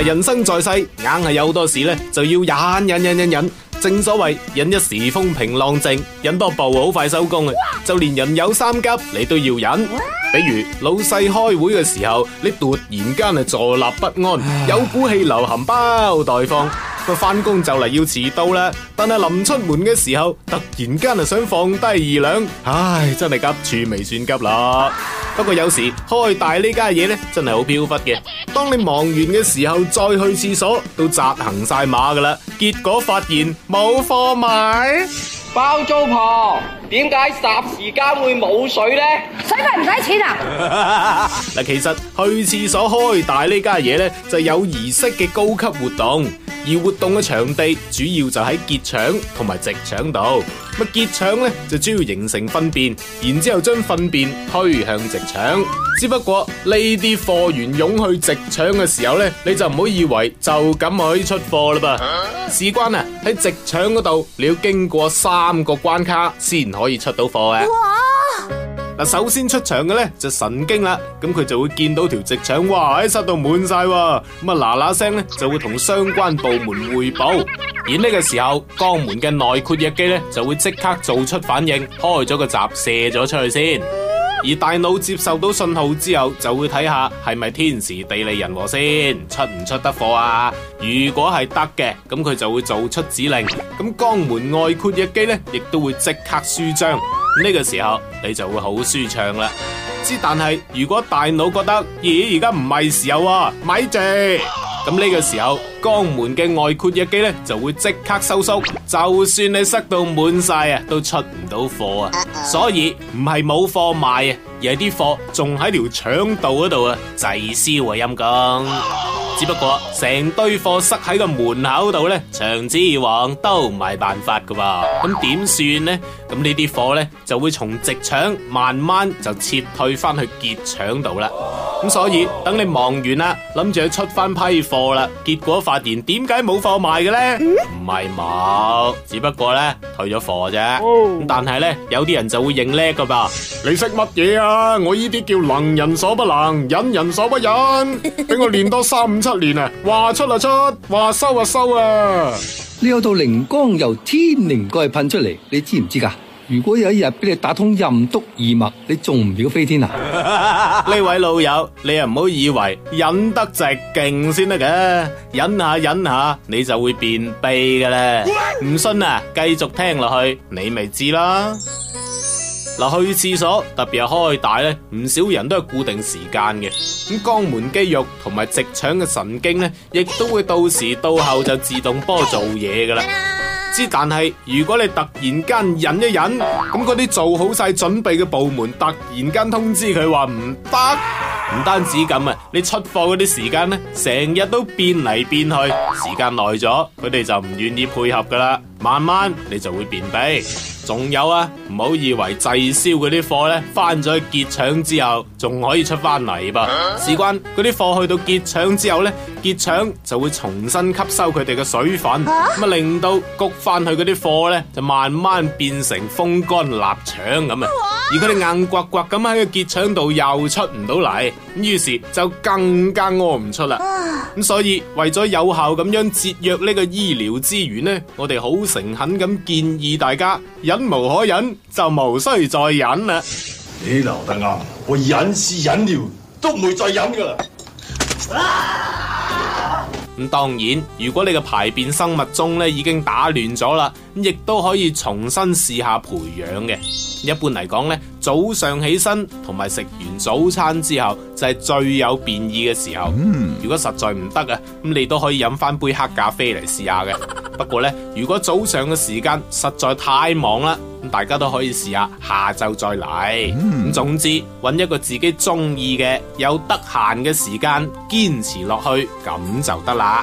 人生在世，硬係有多事呢，就要忍忍忍忍忍。正所謂，忍一時風平浪靜，忍多步好快收工啊！哇就連人有三急，你都要忍。比如老細開會嘅時候，你突然間啊坐立不安，有股氣流含苞待放。佢翻工就嚟要遲到啦，但係臨出門嘅時候，突然間啊想放低二兩，唉，真係急處未算急啦。不過有時開大呢家嘢咧，真係好飄忽嘅。當你忙完嘅時候再去廁所，都扎行晒馬噶啦，結果發現冇貨賣。包租婆，點解霎時間會冇水咧？水費唔使錢啊！嗱，其實去廁所開大呢家嘢咧，就有儀式嘅高級活動。而活動嘅場地主要就喺結腸同埋直腸度，咁結腸咧就主要形成糞便，然之後將糞便推向直腸。只不過呢啲貨源湧去直腸嘅時候咧，你就唔好以為就咁可以出貨啦噃。事關啊，喺直腸嗰度，你要經過三個關卡先可以出到貨嘅。哇嗱，首先出場嘅咧就神經啦，咁佢就會見到條直腸嘩喺塞到滿晒，咁啊嗱嗱聲咧就會同相關部門匯報。 而呢個時候，肛門嘅內括約肌咧就會即刻做出反應，開咗個閘射咗出去先。而大腦接受到信號之後，就會睇下係咪天時地利人和先，出唔出得貨啊？如果係得嘅，咁佢就會做出指令，咁肛門外括約肌咧亦都會即刻舒張。呢個時候你就會好舒暢啦。之但係如果大腦覺得，咦、欸，而家唔係時候啊，咪住。咁呢個時候，肛門嘅外括約肌呢就會即刻收縮，就算你塞到滿晒啊，都出唔到貨啊。所以唔係冇貨賣啊，而係啲貨仲喺條腸道嗰度啊，滯銷啊陰功。只不過成堆貨塞喺個門口度咧，長此以往都唔係辦法噶噃、啊。咁點算呢？咁呢啲貨呢，就會從直腸慢慢就撤退翻去結腸度啦。咁所以等你忙完啦，諗住去出翻批貨啦，結果發現點解冇貨賣嘅呢？唔係冇，只不過呢，退咗貨啫。哦、但係呢，有啲人就會認叻噶嘛？你識乜嘢啊？我呢啲叫能人所不能，忍人所不忍。俾 我練多三五七年啊，話出就、啊、出，話、啊、收就、啊、收啊！你有道靈光由天靈蓋噴出嚟，你知唔知噶？如果有一日俾你打通任督二脈，你仲唔曉飛天啊？呢 位老友，你又唔好以為忍得直勁先得嘅，忍下忍下你就會便秘嘅啦。唔喂信啊，繼續聽落去，你咪知啦。 嗱，去廁所特別係開大咧，唔少人都係固定時間嘅。咁肛門肌肉同埋直腸嘅神經咧，亦都會到時到后就自動波做嘢噶啦。之但係如果你突然間忍一忍，咁嗰啲做好晒準備嘅部門突然間通知佢話唔得，唔單止咁啊，你出貨嗰啲時間咧，成日都變嚟變去，時間耐咗，佢哋就唔願意配合噶啦。慢慢你就會便秘，仲有啊，唔好以為滯銷啲貨咧翻咗去結腸之後，仲可以出翻嚟噃。事、啊、關啲貨去到結腸之後咧，結腸就會重新吸收佢哋嘅水分，咁啊令到焗翻去啲貨咧就慢慢變成風乾臘腸咁啊。而佢哋硬刮刮咁喺個結腸度又出唔到嚟，於是就更加屙唔出啦。咁、啊、所以為咗有效咁樣節約呢個醫療資源咧，我哋好。誠懇咁建議大家，忍無可忍就無需再忍啦。你留得啊，我忍是忍了，都唔會再忍噶啦。咁、啊、當然，如果你嘅排便生物鐘咧已經打亂咗啦，亦都可以重新試下培養嘅。一般嚟講呢，早上起身同埋食完早餐之後就係、是、最有便意嘅時候。嗯、如果實在唔得啊，咁你都可以飲翻杯黑咖啡嚟試下嘅。 不過咧，如果早上嘅時間實在太忙啦，咁大家都可以試下下晝再嚟。咁、嗯、總之，揾一個自己中意嘅，有得閒嘅時間堅持落去，咁就得啦。